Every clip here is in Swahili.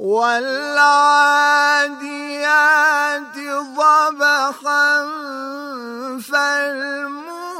والعاديات ضبحا فالمؤمنين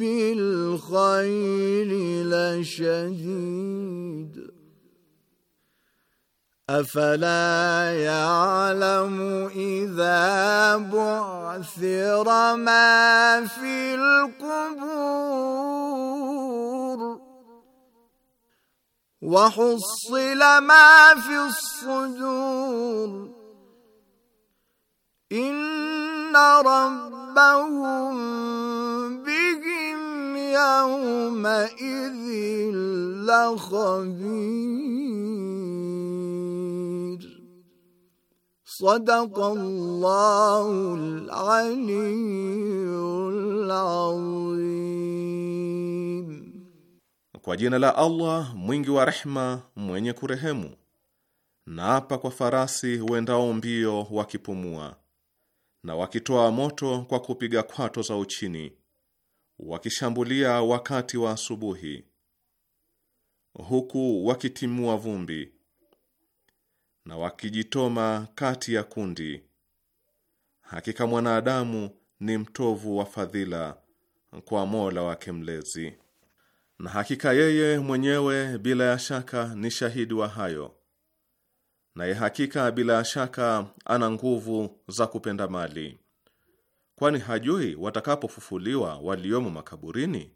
بالخير لشديد أفلا يعلم إذا بعثر ما في القبور وحصل ما في الصدور إن ربهم به Kwa jina la Allah mwingi wa rehma mwenye kurehemu. Naapa kwa farasi wendao mbio wakipumua na wakitoa moto kwa kupiga kwato za uchini wakishambulia wakati wa asubuhi, huku wakitimua vumbi na wakijitoma kati ya kundi. Hakika mwanadamu ni mtovu wa fadhila kwa Mola wake Mlezi, na hakika yeye mwenyewe bila ya shaka ni shahidi wa hayo, naye hakika bila ya shaka ana nguvu za kupenda mali kwani hajui watakapofufuliwa waliomo makaburini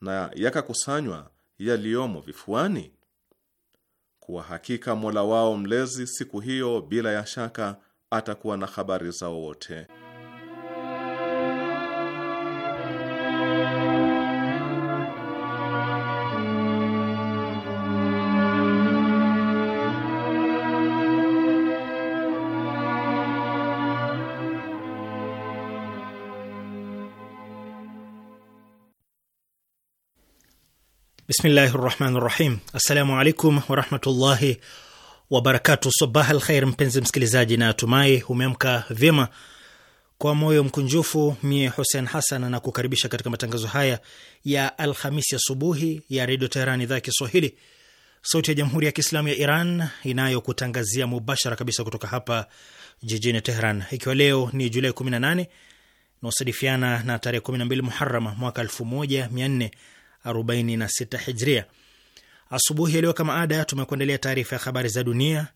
na yakakusanywa yaliyomo vifuani? Kuwa hakika Mola wao mlezi siku hiyo bila ya shaka atakuwa na habari zao wote. Bismillahi rahmani rahim. Assalamu alaikum warahmatullahi wabarakatu. Sabah al khair, mpenzi msikilizaji, na atumai umeamka vyema. Kwa moyo mkunjufu, mie Hussein Hassan na kukaribisha katika matangazo haya ya Alhamisi asubuhi ya Redio Teheran, idhaa ya Kiswahili, sauti ya Jamhuri ya Kiislamu ya Iran inayokutangazia mubashara kabisa kutoka hapa jijini Teheran, ikiwa leo ni Julai 18 naosadifiana na tarehe 12 Muharama mwaka 1400 46 hijria. Asubuhi ya leo kama ada, tumekuandalia taarifa ya habari za dunia,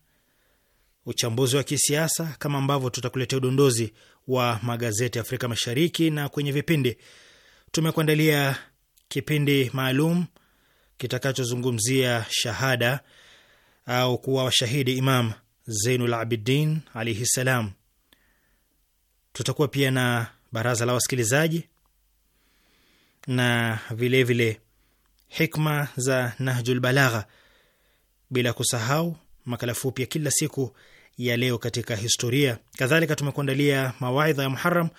uchambuzi wa kisiasa, kama ambavyo tutakuletea udondozi wa magazeti ya Afrika Mashariki, na kwenye vipindi tumekuandalia kipindi maalum kitakachozungumzia shahada au kuwa washahidi Imam Zeinul Abidin alaihi salam. Tutakuwa pia na baraza la wasikilizaji na vilevile vile hikma za Nahjul Balagha, bila kusahau makala fupi ya kila siku ya leo katika historia. Kadhalika tumekuandalia mawaidha ya Muharam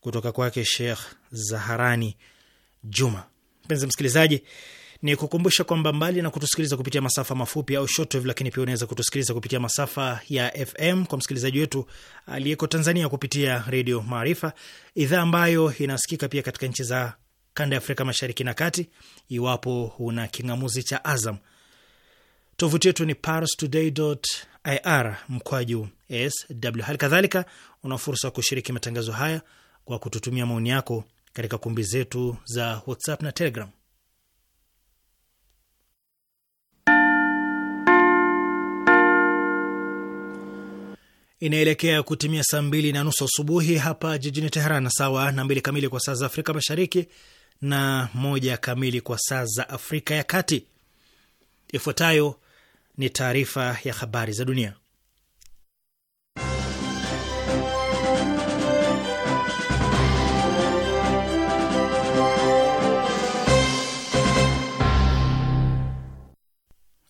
kutoka kwake Sheikh Zaharani Juma. Mpenzi msikilizaji, ni kukumbusha kwamba mbali na kutusikiliza kupitia masafa mafupi au shortwave, lakini pia unaweza kutusikiliza kupitia masafa ya FM kwa msikilizaji wetu aliyeko Tanzania kupitia Redio Maarifa, idhaa ambayo inasikika pia katika nchi za kanda ya Afrika Mashariki na Kati, iwapo una king'amuzi cha Azam. Tovuti yetu ni parstoday.ir mkwaju sw. Hali kadhalika una fursa ya kushiriki matangazo haya kwa kututumia maoni yako katika kumbi zetu za WhatsApp na Telegram. Inaelekea kutimia saa mbili na nusu asubuhi hapa jijini Teheran, sawa na mbili kamili kwa saa za Afrika Mashariki na moja kamili kwa saa za Afrika ya Kati. Ifuatayo ni taarifa ya habari za dunia,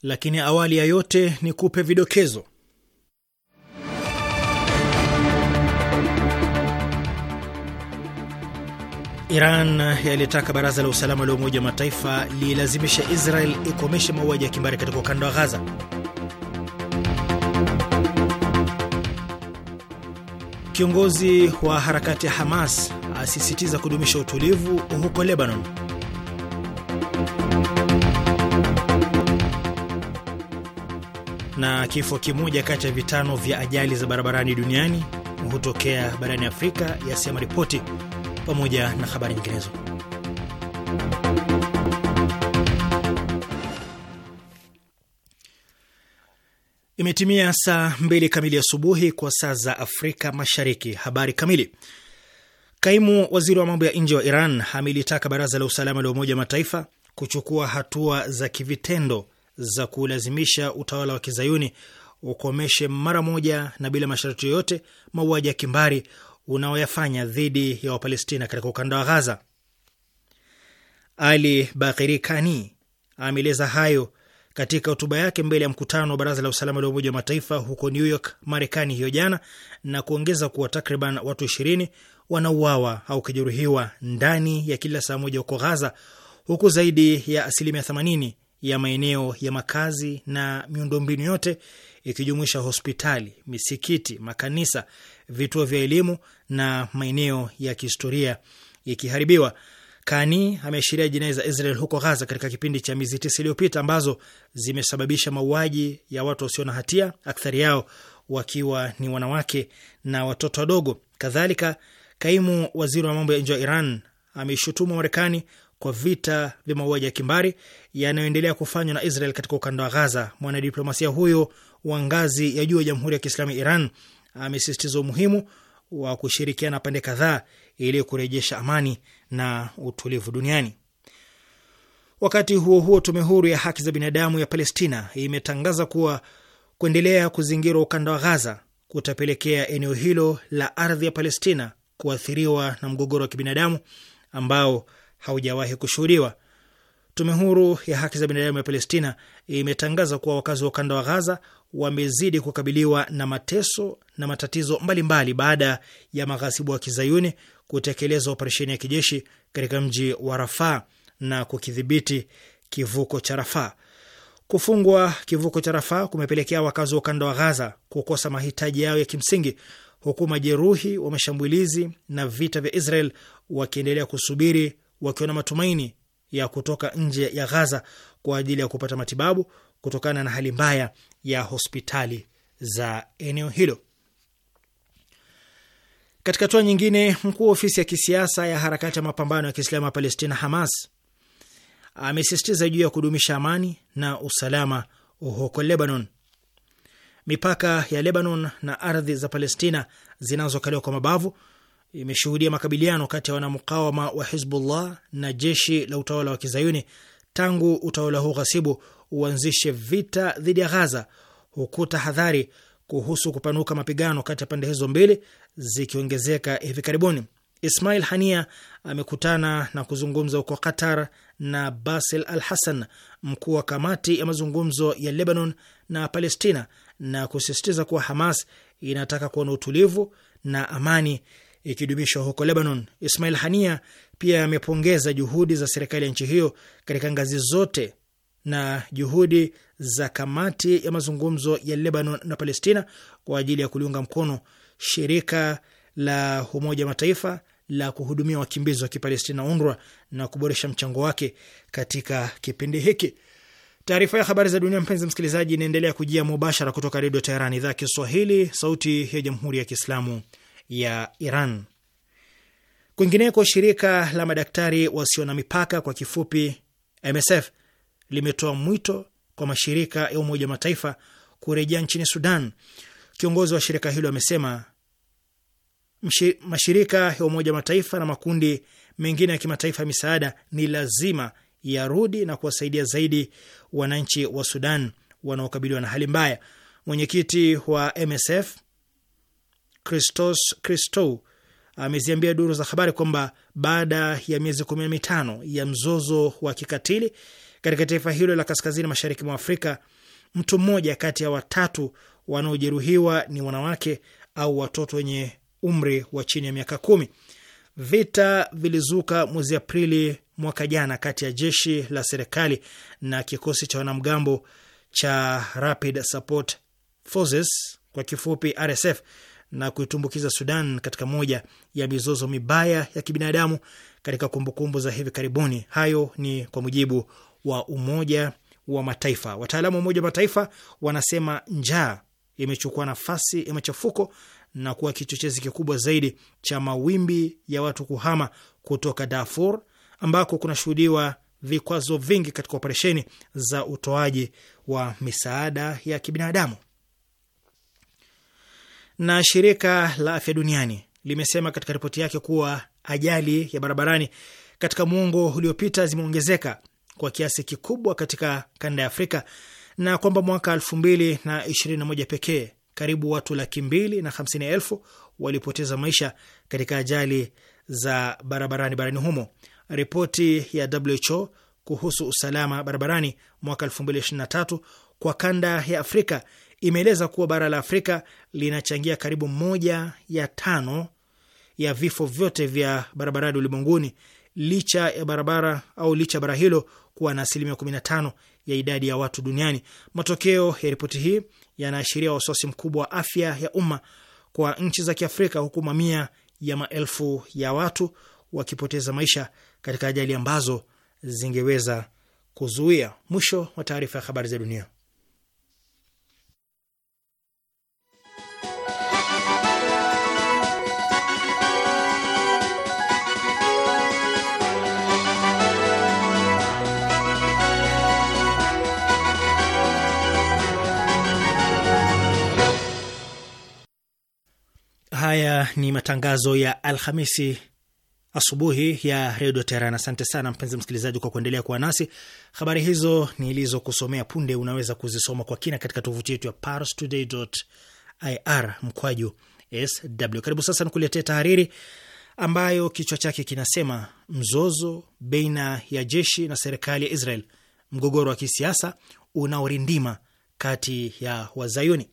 lakini awali ya yote ni kupe vidokezo Iran yalitaka baraza la usalama la Umoja wa Mataifa lilazimisha Israel ikomeshe mauaji ya kimbari katika ukanda wa Ghaza. Kiongozi wa harakati ya Hamas asisitiza kudumisha utulivu huko Lebanon. Na kifo kimoja kati ya vitano vya ajali za barabarani duniani hutokea barani Afrika, yasema ripoti pamoja na habari nyinginezo. Imetimia saa mbili kamili asubuhi kwa saa za Afrika Mashariki. Habari kamili. Kaimu waziri wa mambo ya nje wa Iran amelitaka baraza la usalama la Umoja wa Mataifa kuchukua hatua za kivitendo za kulazimisha utawala wa kizayuni ukomeshe mara moja na bila masharti yoyote mauaji ya kimbari unaoyafanya dhidi ya Wapalestina katika ukanda wa Ghaza. Ali Bakiri Kani ameeleza hayo katika hotuba yake mbele ya mkutano wa Baraza la Usalama la Umoja wa Mataifa huko New York, Marekani hiyo jana, na kuongeza kuwa takriban watu ishirini wanauawa au kujeruhiwa ndani ya kila saa moja huko Ghaza, huku zaidi ya asilimia 80 ya maeneo ya makazi na miundombinu yote ikijumuisha hospitali, misikiti, makanisa, vituo vya elimu na maeneo ya kihistoria ikiharibiwa. Kani ameashiria jinai za Israel huko Ghaza katika kipindi cha miezi tisa iliyopita ambazo zimesababisha mauaji ya watu wasio na hatia, akthari yao wakiwa ni wanawake na watoto wadogo. Kadhalika, kaimu waziri wa mambo ya nje wa Iran ameishutumu Marekani kwa vita vya mauaji ya kimbari yanayoendelea kufanywa na Israel katika ukanda wa Ghaza. Mwanadiplomasia huyo wa ngazi ya juu ya Jamhuri ya Kiislamu ya Iran amesisitiza umuhimu wa kushirikiana pande kadhaa ili kurejesha amani na utulivu duniani. Wakati huo huo, tume huru ya haki za binadamu ya Palestina imetangaza kuwa kuendelea kuzingirwa ukanda wa Ghaza kutapelekea eneo hilo la ardhi ya Palestina kuathiriwa na mgogoro wa kibinadamu ambao haujawahi kushuhudiwa. Tume huru ya haki za binadamu ya Palestina imetangaza kuwa wakazi wa ukanda wa Ghaza wamezidi kukabiliwa na mateso na matatizo mbalimbali baada ya maghasibu wa kizayuni kutekeleza operesheni ya kijeshi katika mji wa Rafaa na kukidhibiti kivuko cha Rafaa. Kufungwa kivuko cha Rafaa kumepelekea wakazi wa ukanda wa Ghaza kukosa mahitaji yao ya kimsingi, huku majeruhi wa mashambulizi na vita vya Israel wakiendelea kusubiri wakiwa na matumaini ya kutoka nje ya Ghaza kwa ajili ya kupata matibabu kutokana na hali mbaya ya hospitali za eneo hilo. Katika hatua nyingine, mkuu wa ofisi ya kisiasa ya harakati ya mapambano ya Kiislamu ya Palestina, Hamas, amesisitiza juu ya kudumisha amani na usalama huko Lebanon. Mipaka ya Lebanon na ardhi za Palestina zinazokaliwa kwa mabavu imeshuhudia makabiliano kati ya wanamukawama wa Hizbullah na jeshi la utawala wa kizayuni tangu utawala huu ghasibu uanzishe vita dhidi ya Ghaza, huku tahadhari kuhusu kupanuka mapigano kati ya pande hizo mbili zikiongezeka hivi karibuni. Ismail Hania amekutana na kuzungumza huko Qatar na Basil Al Hassan, mkuu wa kamati ya mazungumzo ya Lebanon na Palestina, na kusisitiza kuwa Hamas inataka kuona utulivu na amani ikidumishwa huko Lebanon. Ismail Hania pia amepongeza juhudi za serikali ya nchi hiyo katika ngazi zote na juhudi za kamati ya mazungumzo ya Lebanon na Palestina kwa ajili ya kuliunga mkono shirika la Umoja wa Mataifa la kuhudumia wakimbizi wa Kipalestina, UNRWA, na kuboresha mchango wake katika kipindi hiki. Taarifa ya habari za dunia, mpenzi msikilizaji, inaendelea kujia mubashara kutoka Redio Teherani, idhaa ya Kiswahili, sauti ya Jamhuri ya Kiislamu ya Iran. Kwingineko, shirika la madaktari wasio na mipaka kwa kifupi MSF limetoa mwito kwa mashirika ya Umoja wa Mataifa kurejea nchini Sudan. Kiongozi wa shirika hilo amesema mashirika ya Umoja wa Mataifa na makundi mengine ya kimataifa ya misaada ni lazima yarudi na kuwasaidia zaidi wananchi wa Sudan wanaokabiliwa na hali mbaya. Mwenyekiti wa MSF Christos Christou ameziambia duru za habari kwamba baada ya miezi kumi na mitano ya mzozo wa kikatili katika taifa hilo la kaskazini mashariki mwa Afrika, mtu mmoja kati ya watatu wanaojeruhiwa ni wanawake au watoto wenye umri wa chini ya miaka kumi. Vita vilizuka mwezi Aprili mwaka jana kati ya jeshi la serikali na kikosi cha wanamgambo cha Rapid Support Forces, kwa kifupi RSF na kuitumbukiza Sudan katika moja ya mizozo mibaya ya kibinadamu katika kumbukumbu za hivi karibuni. Hayo ni kwa mujibu wa Umoja wa Mataifa. Wataalamu wa Umoja wa Mataifa wanasema njaa imechukua nafasi ya machafuko na kuwa kichochezi kikubwa zaidi cha mawimbi ya watu kuhama kutoka Darfur ambako kunashuhudiwa vikwazo vingi katika operesheni za utoaji wa misaada ya kibinadamu. Na shirika la afya duniani limesema katika ripoti yake kuwa ajali ya barabarani katika muongo uliopita zimeongezeka kwa kiasi kikubwa katika kanda ya Afrika na kwamba mwaka 2021 pekee karibu watu laki mbili na hamsini elfu walipoteza maisha katika ajali za barabarani barani humo. Ripoti ya WHO kuhusu usalama barabarani mwaka 2023 kwa kanda ya Afrika imeeleza kuwa bara la Afrika linachangia karibu moja ya tano ya vifo vyote vya barabarani ulimwenguni, licha ya barabara au licha ya bara hilo kuwa na asilimia 15 ya idadi ya watu duniani. Matokeo ya ripoti hii yanaashiria wasiwasi mkubwa wa afya ya umma kwa nchi za Kiafrika, huku mamia ya maelfu ya watu wakipoteza maisha katika ajali ambazo zingeweza kuzuia. Mwisho wa taarifa ya habari za dunia. Haya ni matangazo ya Alhamisi asubuhi ya redio Teheran. Asante sana mpenzi msikilizaji kwa kuendelea kuwa nasi. Habari hizo nilizokusomea punde unaweza kuzisoma kwa kina katika tovuti yetu ya parstoday.ir mkwaju sw. Karibu sasa nikuletee tahariri ambayo kichwa chake kinasema mzozo baina ya jeshi na serikali ya Israel, mgogoro wa kisiasa unaorindima kati ya Wazayuni.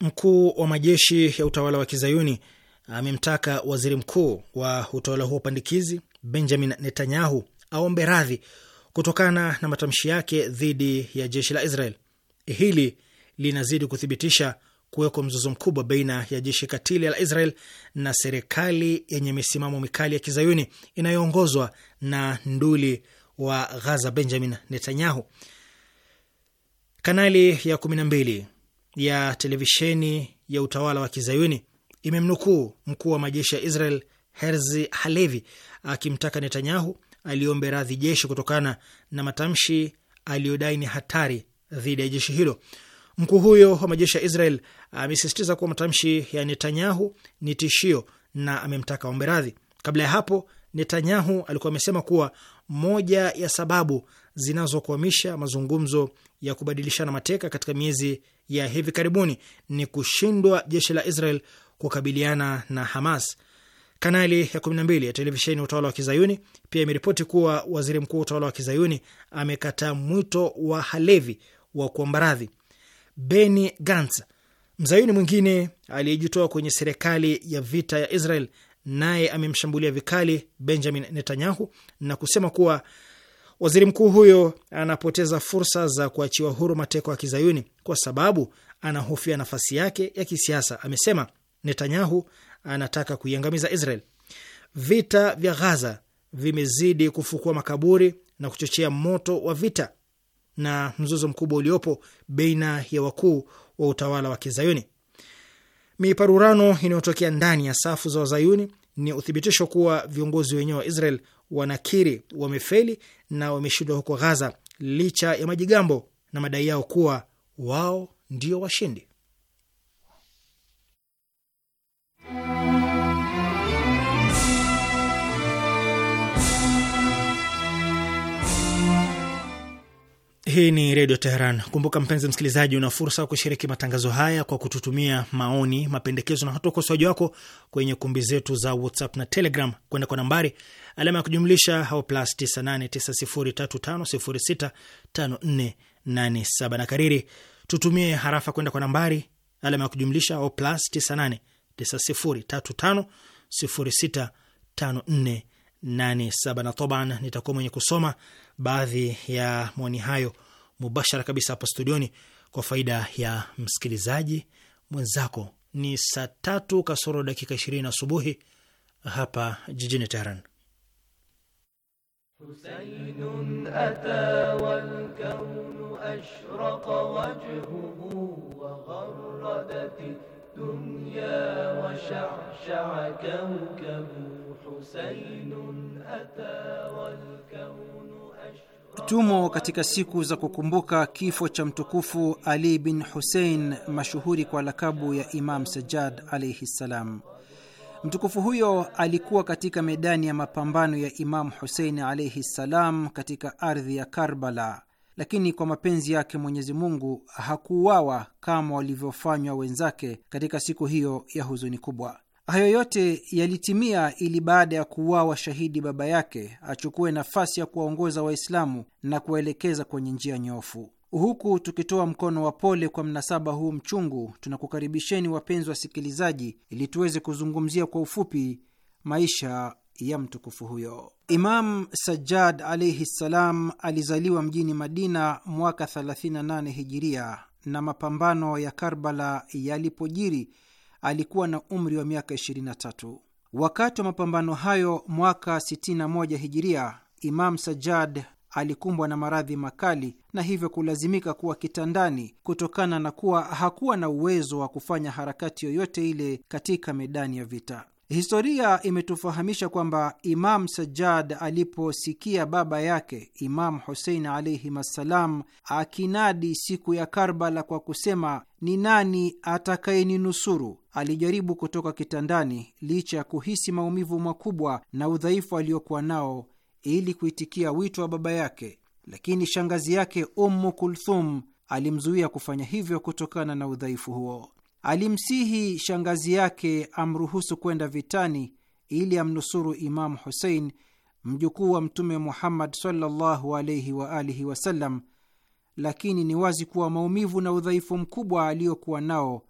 Mkuu wa majeshi ya utawala wa kizayuni amemtaka waziri mkuu wa utawala huo pandikizi Benjamin Netanyahu aombe radhi kutokana na matamshi yake dhidi ya jeshi la Israel. Hili linazidi kuthibitisha kuweko mzozo mkubwa baina ya jeshi katili la Israel na serikali yenye misimamo mikali ya kizayuni inayoongozwa na nduli wa Ghaza Benjamin Netanyahu. Kanali ya kumi na mbili ya televisheni ya utawala wa kizayuni imemnukuu mkuu wa majeshi ya Israel Herzi Halevi akimtaka Netanyahu aliombe radhi jeshi kutokana na matamshi aliyodai ni hatari dhidi ya jeshi hilo. Mkuu huyo wa majeshi ya Israel amesisitiza kuwa matamshi ya Netanyahu ni tishio na amemtaka ombe radhi. Kabla ya hapo, Netanyahu alikuwa amesema kuwa moja ya sababu zinazokwamisha mazungumzo ya kubadilishana mateka katika miezi ya hivi karibuni ni kushindwa jeshi la Israel kukabiliana na Hamas. Kanali ya mbili ya televisheni ya utawala wa kizayuni pia imeripoti kuwa waziri mkuu wa utawala wa kizayuni amekataa mwito wa Halevi wa kuomba radhi. Beni Gantz, mzayuni mwingine aliyejitoa kwenye serikali ya vita ya Israel, naye amemshambulia vikali Benjamin Netanyahu na kusema kuwa Waziri mkuu huyo anapoteza fursa za kuachiwa huru mateka wa kizayuni kwa sababu anahofia nafasi yake ya kisiasa, amesema. Netanyahu anataka kuiangamiza Israel. Vita vya Ghaza vimezidi kufukua makaburi na kuchochea moto wa vita na mzozo mkubwa uliopo baina ya wakuu wa utawala wa kizayuni. Miparurano inayotokea ndani ya safu za wazayuni ni uthibitisho kuwa viongozi wenyewe wa Israel wanakiri wamefeli na wameshindwa huko Ghaza licha ya majigambo na madai yao kuwa wao ndio washindi. Hii ni Redio Teheran. Kumbuka mpenzi msikilizaji, una fursa ya kushiriki matangazo haya kwa kututumia maoni, mapendekezo na hata ukosoaji wako kwenye kumbi zetu za WhatsApp na Telegram kwenda kwa nambari alama ya kujumlisha au plus 989035065487 na kariri, tutumie harafa kwenda kwa nambari alama ya kujumlisha au plus 9890350654 87 na toban, nitakuwa mwenye kusoma baadhi ya maoni hayo mubashara kabisa hapa studioni kwa faida ya msikilizaji mwenzako. Ni saa tatu kasoro dakika ishirini asubuhi hapa jijini Teheran. الدنيا وشعشع كوكب حسين أتى والكون Tumo katika siku za kukumbuka kifo cha mtukufu Ali bin Hussein mashuhuri kwa lakabu ya Imam Sajjad alaihi ssalam. Mtukufu huyo alikuwa katika medani ya mapambano ya Imam Husein alaihi ssalam katika ardhi ya Karbala lakini kwa mapenzi yake Mwenyezi Mungu hakuuawa kama walivyofanywa wenzake katika siku hiyo ya huzuni kubwa. Hayo yote yalitimia ili baada ya kuuawa shahidi baba yake achukue nafasi ya kuwaongoza Waislamu na kuwaelekeza kwenye njia nyoofu. Huku tukitoa mkono wa pole kwa mnasaba huu mchungu, tunakukaribisheni wapenzi wasikilizaji, ili tuweze kuzungumzia kwa ufupi maisha ya mtukufu huyo. Imam Sajjad alaihi ssalam alizaliwa mjini Madina mwaka 38 hijiria, na mapambano ya Karbala yalipojiri alikuwa na umri wa miaka 23. Wakati wa mapambano hayo mwaka 61 hijiria, Imam Sajjad alikumbwa na maradhi makali na hivyo kulazimika kuwa kitandani kutokana na kuwa hakuwa na uwezo wa kufanya harakati yoyote ile katika medani ya vita. Historia imetufahamisha kwamba Imam Sajjad aliposikia baba yake Imam Husein alaihim assalam akinadi siku ya Karbala kwa kusema ni nani atakayeninusuru, alijaribu kutoka kitandani licha ya kuhisi maumivu makubwa na udhaifu aliokuwa nao ili kuitikia wito wa baba yake, lakini shangazi yake Ummu Kulthum alimzuia kufanya hivyo kutokana na udhaifu huo alimsihi shangazi yake amruhusu kwenda vitani ili amnusuru Imamu Husein, mjukuu wa Mtume Muhammad sallallahu alaihi wa alihi wasallam, lakini ni wazi kuwa maumivu na udhaifu mkubwa aliyokuwa nao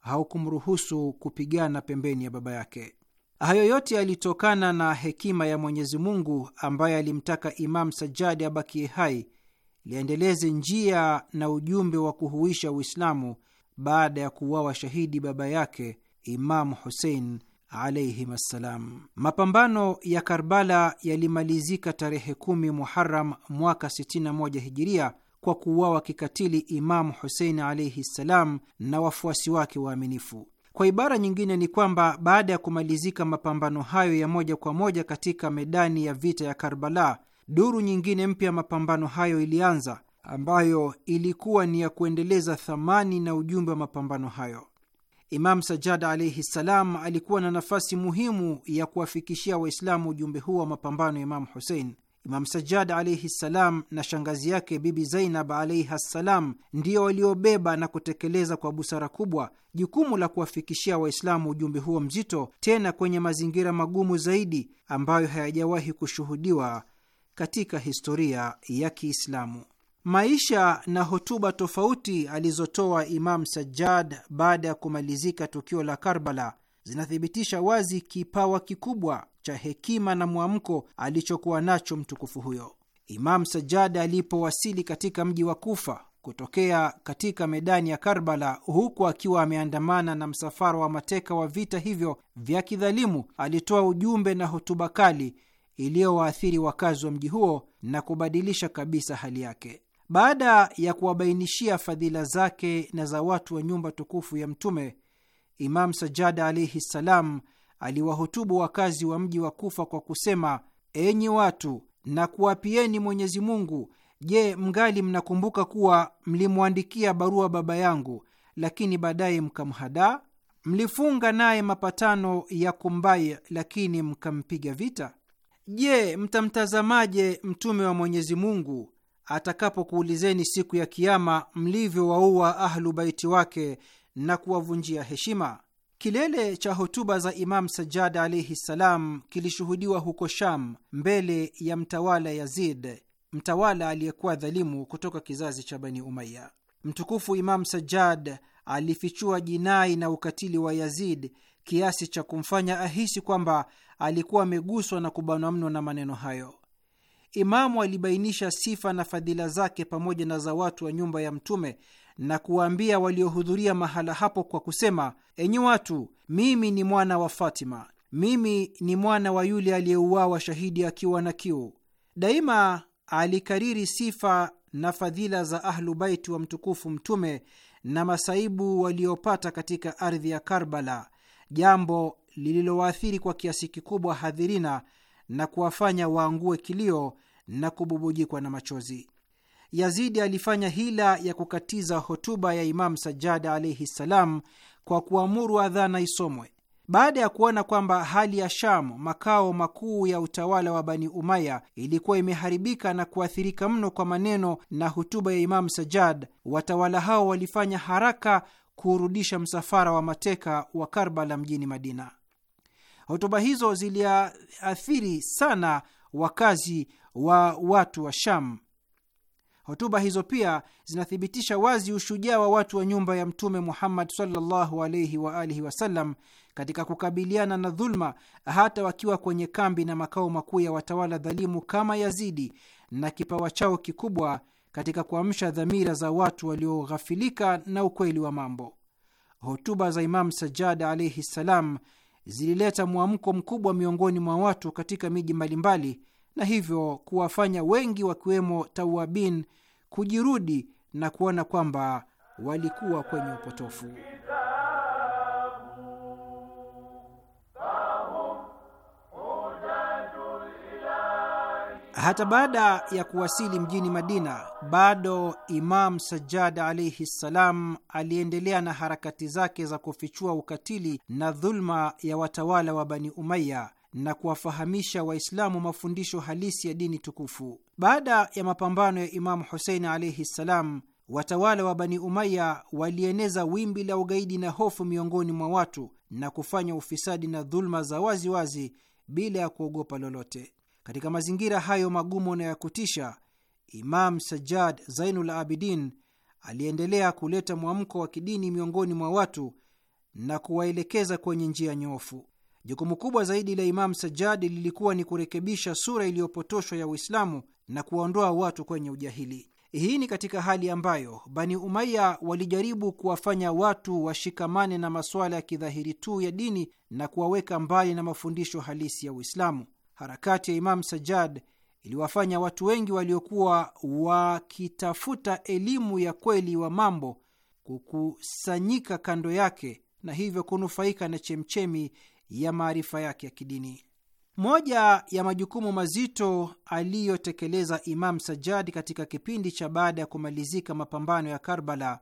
haukumruhusu kupigana pembeni ya baba yake. Hayo yote yalitokana na hekima ya Mwenyezi Mungu ambaye alimtaka Imam Sajadi abakie hai liendeleze njia na ujumbe wa kuhuisha Uislamu baada ya kuuawa shahidi baba yake Imamu Husein alayhim assalam. Mapambano ya Karbala yalimalizika tarehe kumi Muharam mwaka 61 hijiria kwa kuuawa kikatili Imamu Husein alaihi ssalam na wafuasi wake waaminifu. Kwa ibara nyingine ni kwamba baada ya kumalizika mapambano hayo ya moja kwa moja katika medani ya vita ya Karbala, duru nyingine mpya ya mapambano hayo ilianza ambayo ilikuwa ni ya kuendeleza thamani na ujumbe wa mapambano hayo. Imam Sajjad alaihi ssalam alikuwa na nafasi muhimu ya kuwafikishia Waislamu ujumbe huu wa mapambano ya Imamu Husein. Imam Sajjad alaihi ssalam na shangazi yake Bibi Zainab alaiha ssalam ndio waliobeba na kutekeleza kwa busara kubwa jukumu la kuwafikishia Waislamu ujumbe huo mzito, tena kwenye mazingira magumu zaidi ambayo hayajawahi kushuhudiwa katika historia ya Kiislamu. Maisha na hotuba tofauti alizotoa Imam Sajjad baada ya kumalizika tukio la Karbala zinathibitisha wazi kipawa kikubwa cha hekima na mwamko alichokuwa nacho mtukufu huyo. Imam Sajjad alipowasili katika mji wa Kufa kutokea katika medani ya Karbala huku akiwa ameandamana na msafara wa mateka wa vita hivyo vya kidhalimu, alitoa ujumbe na hotuba kali iliyowaathiri wakazi wa mji huo na kubadilisha kabisa hali yake. Baada ya kuwabainishia fadhila zake na za watu wa nyumba tukufu ya Mtume, Imam Sajjad alaihi ssalam aliwahutubu wakazi wa mji wa Kufa kwa kusema: enyi watu, na kuwapieni Mwenyezi Mungu, je, mgali mnakumbuka kuwa mlimwandikia barua baba yangu, lakini baadaye mkamhadaa? Mlifunga naye mapatano ya kumbai, lakini mkampiga vita. Je, mtamtazamaje mtume wa Mwenyezi Mungu atakapokuulizeni siku ya Kiama mlivyowaua Ahlu Baiti wake na kuwavunjia heshima. Kilele cha hotuba za Imam Sajjad alaihi ssalam kilishuhudiwa huko Sham mbele ya mtawala Yazid, mtawala aliyekuwa dhalimu kutoka kizazi cha Bani Umaya. Mtukufu Imam Sajjad alifichua jinai na ukatili wa Yazid kiasi cha kumfanya ahisi kwamba alikuwa ameguswa na kubanwa mno na maneno hayo. Imamu alibainisha sifa na fadhila zake pamoja na za watu wa nyumba ya Mtume na kuwaambia waliohudhuria mahala hapo kwa kusema: enyi watu, mimi ni mwana wa Fatima, mimi ni mwana wa yule aliyeuawa shahidi akiwa na kiu. Daima alikariri sifa na fadhila za Ahlu Baiti wa mtukufu Mtume na masaibu waliopata katika ardhi ya Karbala, jambo lililowaathiri kwa kiasi kikubwa hadhirina na kuwafanya waangue kilio na kububujikwa na machozi. Yazidi alifanya hila ya kukatiza hotuba ya Imamu Sajjad alaihi ssalam kwa kuamuru adhana isomwe. Baada ya kuona kwamba hali ya Sham, makao makuu ya utawala wa Bani Umaya, ilikuwa imeharibika na kuathirika mno kwa maneno na hotuba ya Imamu Sajjad, watawala hao walifanya haraka kuurudisha msafara wa mateka wa Karbala mjini Madina. Hotuba hizo ziliathiri sana wakazi wa watu wa Sham. Hotuba hizo pia zinathibitisha wazi ushujaa wa watu wa nyumba ya Mtume Muhammad sallallahu alaihi wa alihi wasallam katika kukabiliana na dhuluma, hata wakiwa kwenye kambi na makao makuu ya watawala dhalimu kama Yazidi, na kipawa chao kikubwa katika kuamsha dhamira za watu walioghafilika na ukweli wa mambo. Hotuba za Imamu Sajjad alaihi ssalam zilileta mwamko mkubwa miongoni mwa watu katika miji mbalimbali na hivyo kuwafanya wengi wakiwemo tawabin kujirudi na kuona kwamba walikuwa kwenye upotofu. Hata baada ya kuwasili mjini Madina, bado Imam Sajjad alaihi ssalam aliendelea na harakati zake za kufichua ukatili na dhulma ya watawala wa Bani Umaya na kuwafahamisha Waislamu mafundisho halisi ya dini tukufu. Baada ya mapambano ya Imamu Husein alaihi ssalam, watawala wa Bani Umaya walieneza wimbi la ugaidi na hofu miongoni mwa watu na kufanya ufisadi na dhuluma za waziwazi wazi bila ya kuogopa lolote. Katika mazingira hayo magumu na ya kutisha, Imam Sajjad Zainul Abidin aliendelea kuleta mwamko wa kidini miongoni mwa watu na kuwaelekeza kwenye njia nyoofu. Jukumu kubwa zaidi la Imamu Sajjadi lilikuwa ni kurekebisha sura iliyopotoshwa ya Uislamu na kuwaondoa watu kwenye ujahili. Hii ni katika hali ambayo Bani Umaya walijaribu kuwafanya watu washikamane na masuala ya kidhahiri tu ya dini na kuwaweka mbali na mafundisho halisi ya Uislamu. Harakati ya Imamu Sajjad iliwafanya watu wengi waliokuwa wakitafuta elimu ya kweli wa mambo kukusanyika kando yake na hivyo kunufaika na chemchemi ya maarifa yake ya kidini. Moja ya majukumu mazito aliyotekeleza Imam sajad katika kipindi cha baada ya kumalizika mapambano ya Karbala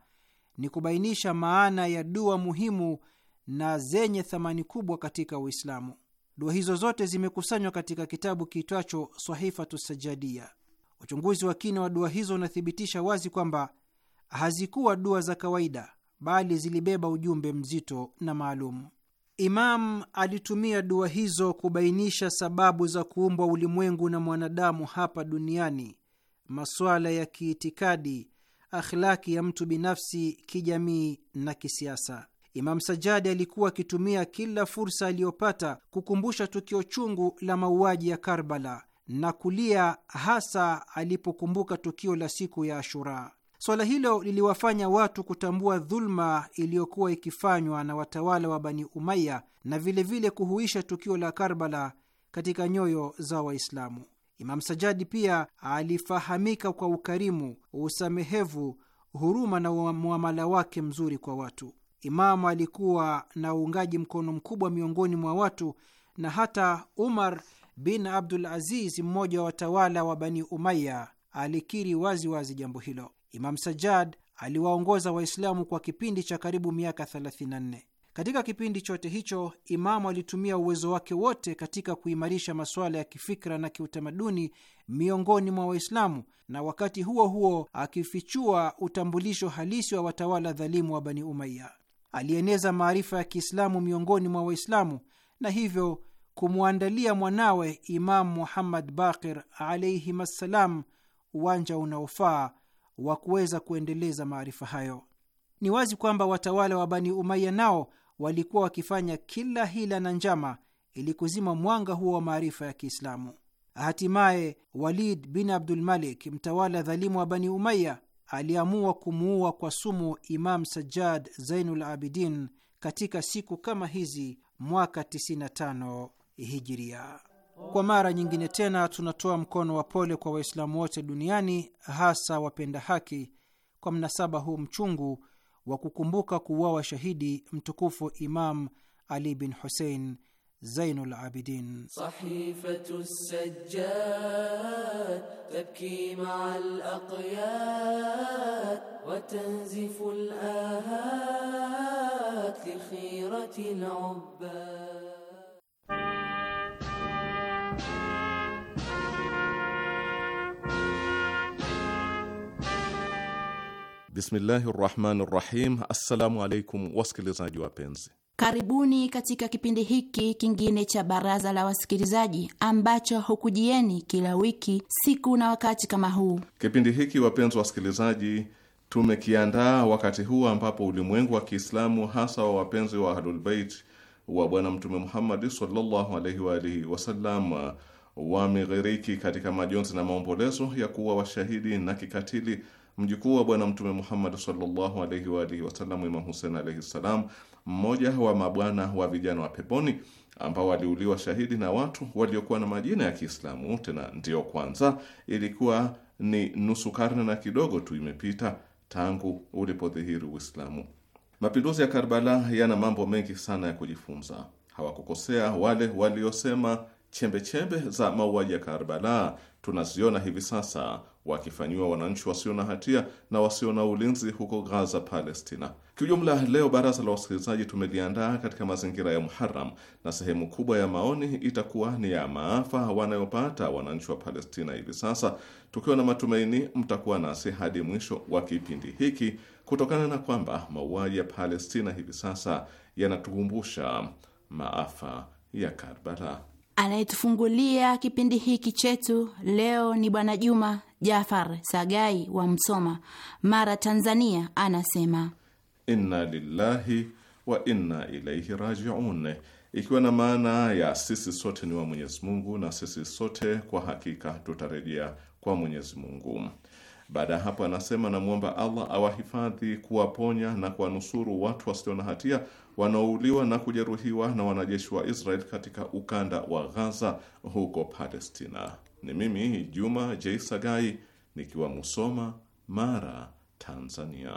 ni kubainisha maana ya dua muhimu na zenye thamani kubwa katika Uislamu. Dua hizo zote zimekusanywa katika kitabu kiitwacho Sahifatu Sajadia. Uchunguzi wa kina wa dua hizo unathibitisha wazi kwamba hazikuwa dua za kawaida, bali zilibeba ujumbe mzito na maalumu. Imam alitumia dua hizo kubainisha sababu za kuumbwa ulimwengu na mwanadamu hapa duniani, masuala ya kiitikadi, akhlaki ya mtu binafsi, kijamii na kisiasa. Imam Sajadi alikuwa akitumia kila fursa aliyopata kukumbusha tukio chungu la mauaji ya Karbala na kulia hasa alipokumbuka tukio la siku ya Ashura. Swala hilo liliwafanya watu kutambua dhuluma iliyokuwa ikifanywa na watawala wa Bani Umaya na vilevile vile kuhuisha tukio la Karbala katika nyoyo za Waislamu. Imam Sajadi pia alifahamika kwa ukarimu, usamehevu, huruma na muamala wake mzuri kwa watu. Imamu alikuwa na uungaji mkono mkubwa miongoni mwa watu, na hata Umar bin Abdul Aziz, mmoja wa watawala wa Bani Umaya, alikiri waziwazi wazi jambo hilo. Imam Sajjad aliwaongoza Waislamu kwa kipindi cha karibu miaka 34. Katika kipindi chote hicho, Imamu alitumia uwezo wake wote katika kuimarisha masuala ya kifikra na kiutamaduni miongoni mwa Waislamu, na wakati huo huo akifichua utambulisho halisi wa watawala dhalimu wa Bani Umaya. Alieneza maarifa ya Kiislamu miongoni mwa Waislamu na hivyo kumwandalia mwanawe Imamu Muhammad Baqir alaihim assalam uwanja unaofaa wa kuweza kuendeleza maarifa hayo. Ni wazi kwamba watawala wa Bani Umaya nao walikuwa wakifanya kila hila na njama ili kuzima mwanga huo wa maarifa ya Kiislamu. Hatimaye Walid bin Abdul Malik, mtawala dhalimu wa Bani Umaya, aliamua kumuua kwa sumu Imam Sajjad Zainul Abidin katika siku kama hizi mwaka 95 Hijiria. Kwa mara nyingine tena tunatoa mkono wa pole kwa Waislamu wote duniani, hasa wapenda haki, kwa mnasaba huu mchungu wa kukumbuka kuuawa shahidi mtukufu Imam Ali bin Husein Zainul Abidin. Bismillahi rahmani rahim. Assalamu alaikum wasikilizaji wapenzi, karibuni katika kipindi hiki kingine cha baraza la wasikilizaji ambacho hukujieni kila wiki siku na wakati kama huu. Kipindi hiki wapenzi wasikilizaji, tumekiandaa wakati huu ambapo ulimwengu wa Kiislamu hasa wa wapenzi wa Ahlulbeit wa Bwana Mtume Muhammadi sallallahu alaihi wa alihi wasallam wameghiriki katika majonzi na maombolezo ya kuwa washahidi na kikatili mjukuu wa Bwana Mtume Muhammad sallallahu alaihi wa alihi wasallam, Imam Hussein alaihi salam, mmoja wa mabwana wa vijana wa peponi ambao waliuliwa shahidi na watu waliokuwa na majina ya Kiislamu, tena ndiyo kwanza. Ilikuwa ni nusu karne na kidogo tu imepita tangu ulipodhihiri Uislamu. Mapinduzi ya Karbala yana mambo mengi sana ya kujifunza. Hawakukosea wale waliosema chembe chembe za mauaji ya Karbala tunaziona hivi sasa wakifanyiwa wananchi wasio na hatia na wasio na ulinzi huko Gaza, Palestina. Kiujumla, leo baraza la wasikilizaji tumeliandaa katika mazingira ya Muharram na sehemu kubwa ya maoni itakuwa ni ya maafa wanayopata wananchi wa Palestina hivi sasa, tukiwa na matumaini mtakuwa nasi hadi mwisho wa kipindi hiki, kutokana na kwamba mauaji ya Palestina hivi sasa yanatukumbusha maafa ya Karbala. Anayetufungulia kipindi hiki chetu leo ni Bwana Juma Jafar Sagai wa Msoma, Mara, Tanzania. Anasema inna lillahi wa inna ilaihi rajiun, ikiwa na maana ya sisi sote ni wa Mwenyezi Mungu na sisi sote kwa hakika tutarejea kwa Mwenyezi Mungu. Baada ya hapo, anasema namwomba Allah awahifadhi, kuwaponya na kuwanusuru watu wasio na hatia wanaouliwa na kujeruhiwa na wanajeshi wa Israel katika ukanda wa Gaza huko Palestina. Ni mimi Juma J Sagai nikiwa Musoma, Mara, Tanzania.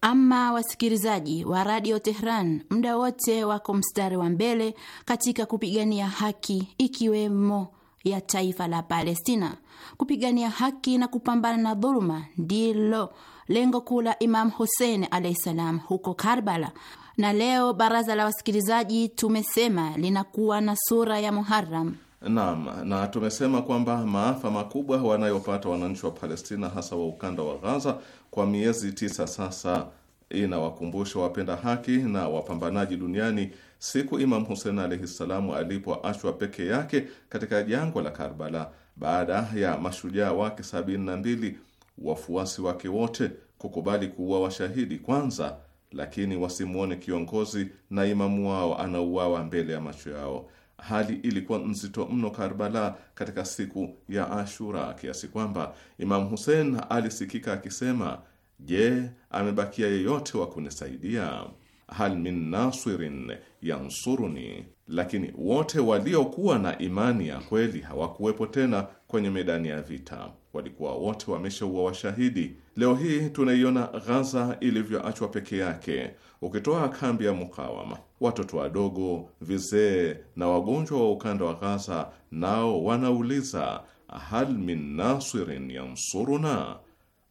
Ama wasikilizaji wa Radio Tehran, muda wote wako mstari wa mbele katika kupigania haki ikiwemo ya taifa la Palestina kupigania haki na kupambana na dhuluma ndilo lengo kuu la Imam Hussein alahi salam huko Karbala. Na leo baraza la wasikilizaji tumesema linakuwa na sura ya Muharram. Naam, na tumesema kwamba maafa makubwa wanayopata wananchi wa Palestina, hasa wa ukanda wa Gaza, kwa miezi tisa sasa inawakumbusha wapenda haki na wapambanaji duniani siku Imam Hussein alaihi ssalamu alipoachwa peke yake katika jangwa la Karbala baada ya mashujaa wake sabini na mbili wafuasi wake wote kukubali kuua washahidi kwanza, lakini wasimwone kiongozi na imamu wao anauawa mbele ya macho yao. Hali ilikuwa nzito mno Karbala katika siku ya Ashura, kiasi kwamba Imamu husen alisikika akisema, Je, amebakia yeyote wa kunisaidia? hal min nasirin yansuruni, lakini wote waliokuwa na imani ya kweli hawakuwepo tena kwenye medani ya vita, walikuwa wote wameshaua washahidi. Leo hii tunaiona Ghaza ilivyoachwa peke yake, ukitoa kambi ya mukawama. Watoto wadogo, vizee na wagonjwa wa ukanda wa Ghaza nao wanauliza hal min nasirin yansuruna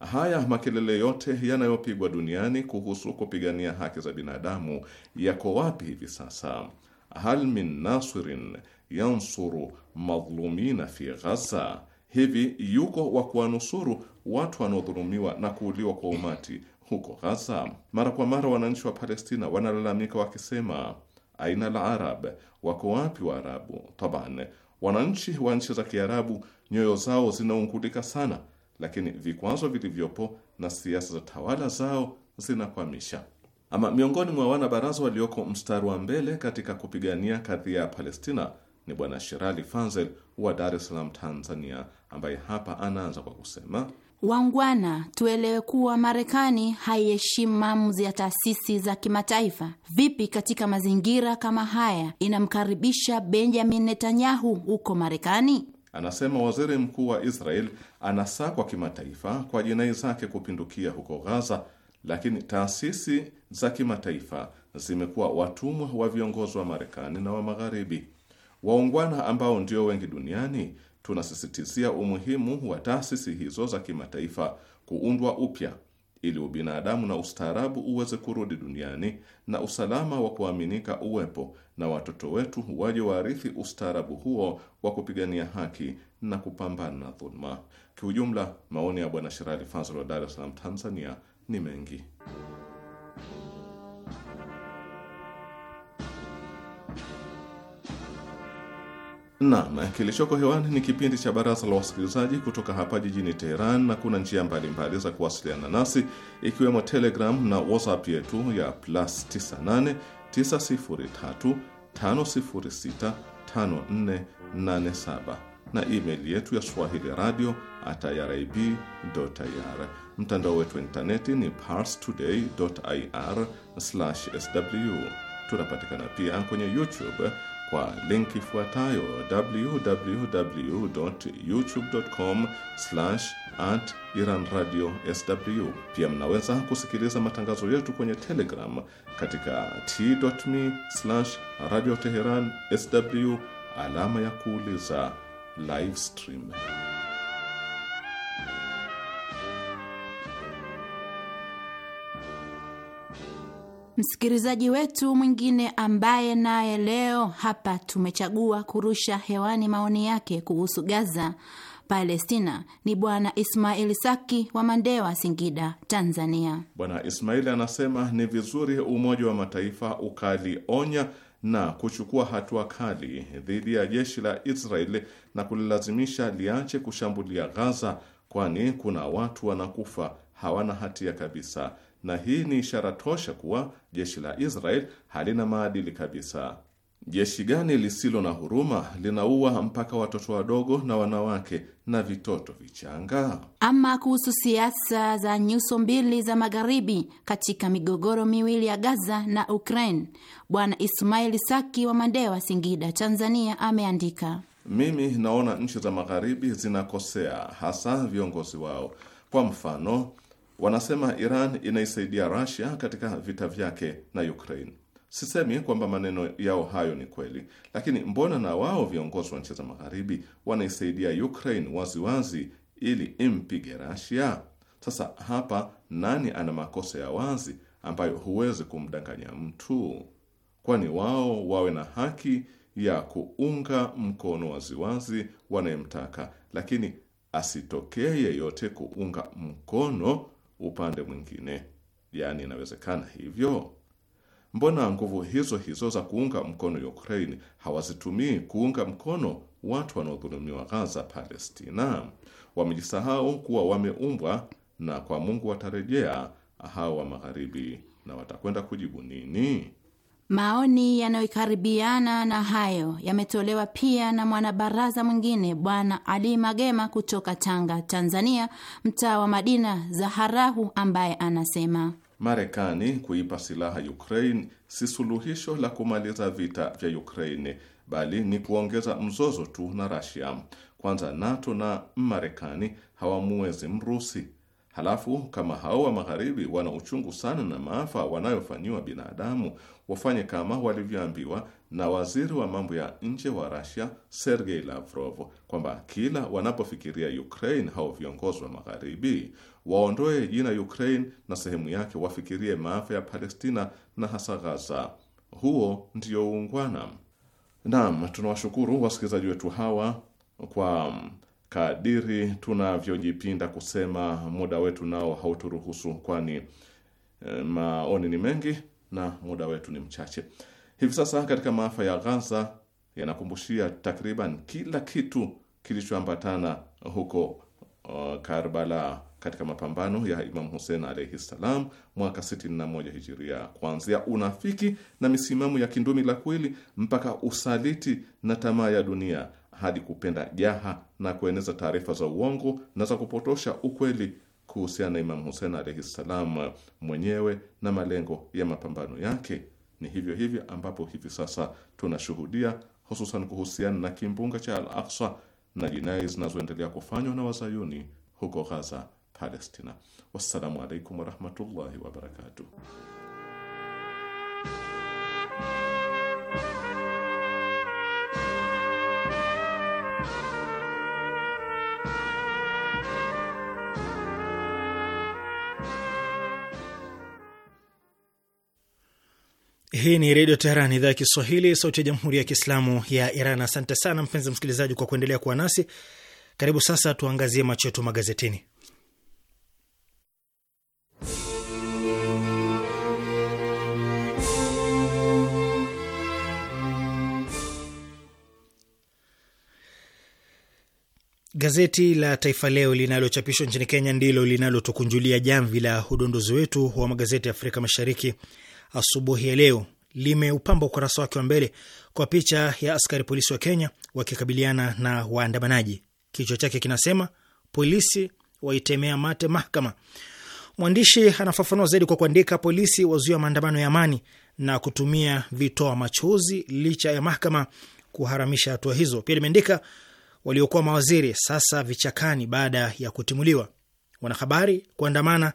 Haya makelele yote yanayopigwa duniani kuhusu kupigania haki za binadamu yako wapi hivi sasa? Hal min nasirin yansuru madhlumina fi Ghaza, hivi yuko wa kuwanusuru watu wanaodhulumiwa na kuuliwa kwa umati huko Ghaza? Mara kwa mara wananchi wa Palestina wanalalamika wakisema, aina la arab, wako wapi wa Arabu? Taban, wananchi wa nchi za Kiarabu nyoyo zao zinaungulika sana lakini vikwazo vilivyopo na siasa za tawala zao zinakwamisha. Ama miongoni mwa wanabaraza walioko mstari wa mbele katika kupigania kadhia ya Palestina ni Bwana Sherali Fanzel wa Dar es Salaam, Tanzania, ambaye hapa anaanza kwa kusema Wangwana, tuelewe kuwa Marekani haiheshimu maamuzi ya taasisi za kimataifa. Vipi katika mazingira kama haya inamkaribisha Benjamin Netanyahu huko Marekani? Anasema waziri mkuu wa Israel anasakwa kimataifa kwa jinai zake kupindukia huko Gaza, lakini taasisi za kimataifa zimekuwa watumwa wa viongozi wa Marekani na wa Magharibi. Waungwana ambao ndio wengi duniani tunasisitizia umuhimu wa taasisi hizo za kimataifa kuundwa upya ili ubinadamu na ustaarabu uweze kurudi duniani na usalama wa kuaminika uwepo, na watoto wetu waje waarithi ustaarabu huo wa kupigania haki na kupambana na dhuluma. Kiujumla, maoni ya Bwana Sherali Fazl wa Dar es Salaam, Tanzania ni mengi. Naam, eh, kilichoko hewani ni kipindi cha Baraza la Wasikilizaji kutoka hapa jijini Teheran, na kuna njia mbalimbali za kuwasiliana nasi ikiwemo Telegram na WhatsApp yetu ya plus 98 na email yetu ya swahili radio at Mtandao wetu wa intaneti ni parstodayir sw. Tunapatikana pia kwenye YouTube kwa linki ifuatayo www.youtube.com at Iran Radio sw. Pia mnaweza kusikiliza matangazo yetu kwenye Telegram katika t.me Radio Teheran sw alama ya kuuliza live stream. Msikilizaji wetu mwingine ambaye naye leo hapa tumechagua kurusha hewani maoni yake kuhusu Gaza, Palestina ni Bwana Ismail Saki wa Mandewa, Singida, Tanzania. Bwana Ismail anasema ni vizuri Umoja wa Mataifa ukalionya na kuchukua hatua kali dhidi ya jeshi la Israeli na kulilazimisha liache kushambulia Gaza, kwani kuna watu wanakufa hawana hatia kabisa na hii ni ishara tosha kuwa jeshi la Israel halina maadili kabisa. Jeshi gani lisilo na huruma linaua mpaka watoto wadogo na wanawake na vitoto vichanga? Ama kuhusu siasa za nyuso mbili za magharibi katika migogoro miwili ya Gaza na Ukraine, Bwana Ismail Saki wa Mandewa, Singida, Tanzania, ameandika mimi naona nchi za magharibi zinakosea, hasa viongozi wao. Kwa mfano wanasema Iran inaisaidia Russia katika vita vyake na Ukraine. Sisemi kwamba maneno yao hayo ni kweli, lakini mbona na wao viongozi wa nchi za magharibi wanaisaidia Ukraine waziwazi ili impige Russia? Sasa hapa nani ana makosa ya wazi ambayo huwezi kumdanganya mtu? Kwani wao wawe na haki ya kuunga mkono waziwazi wanayemtaka, lakini asitokee yeyote kuunga mkono upande mwingine. Yaani, inawezekana hivyo? Mbona nguvu hizo hizo za kuunga mkono Ukraine hawazitumii kuunga mkono watu wanaodhulumiwa Gaza, Palestina? Wamejisahau kuwa wameumbwa na kwa Mungu watarejea hawa wa magharibi, na watakwenda kujibu nini? Maoni yanayokaribiana na hayo yametolewa pia na mwanabaraza mwingine Bwana Ali Magema kutoka Tanga, Tanzania, mtaa wa Madina Zaharahu, ambaye anasema Marekani kuipa silaha Ukraine si suluhisho la kumaliza vita vya Ukraine, bali ni kuongeza mzozo tu na Rasia. Kwanza NATO na Marekani hawamuwezi Mrusi Halafu kama hao wa magharibi wana uchungu sana na maafa wanayofanyiwa binadamu, wafanye kama walivyoambiwa na waziri wa mambo ya nje wa Russia Sergei Lavrov kwamba kila wanapofikiria Ukraine hao viongozi wa magharibi waondoe jina Ukraine na sehemu yake wafikirie maafa ya Palestina na hasa Gaza. Huo ndio uungwana. Naam, tunawashukuru wasikilizaji wetu hawa kwa kadiri tunavyojipinda kusema, muda wetu nao hauturuhusu, kwani eh, maoni ni mengi na muda wetu ni mchache. Hivi sasa katika maafa ya Ghaza yanakumbushia takriban kila kitu kilichoambatana huko uh, Karbala katika mapambano ya Imam Hussein alayhi salam mwaka 61 hijiria, kuanzia unafiki na misimamo ya kindumi la kweli mpaka usaliti na tamaa ya dunia hadi kupenda jaha na kueneza taarifa za uongo na za kupotosha ukweli kuhusiana na Imamu Husein alaihi ssalam mwenyewe na malengo ya mapambano yake. Ni hivyo hivyo ambapo hivi sasa tunashuhudia hususan kuhusiana na kimbunga cha Al Aksa na jinai zinazoendelea kufanywa na wazayuni huko Ghaza, Palestina. Wassalamu alaikum warahmatullahi wabarakatuh. Hii ni Redio Teheran, idhaa ya Kiswahili, sauti ya Jamhuri ya Kiislamu ya Iran. Asante sana mpenzi msikilizaji kwa kuendelea kuwa nasi. Karibu sasa tuangazie macho yetu magazetini. Gazeti la Taifa Leo linalochapishwa nchini Kenya ndilo linalotukunjulia jamvi la udondozi wetu wa magazeti ya Afrika Mashariki asubuhi ya leo limeupamba ukurasa wake wa mbele kwa picha ya askari polisi wa Kenya wakikabiliana na waandamanaji. Kichwa chake kinasema polisi waitemea mate mahakama. Mwandishi anafafanua zaidi kwa kuandika, polisi wazuia maandamano ya amani na kutumia vitoa machozi licha ya mahakama kuharamisha hatua hizo. Pia limeandika waliokuwa mawaziri sasa vichakani baada ya kutimuliwa, wanahabari kuandamana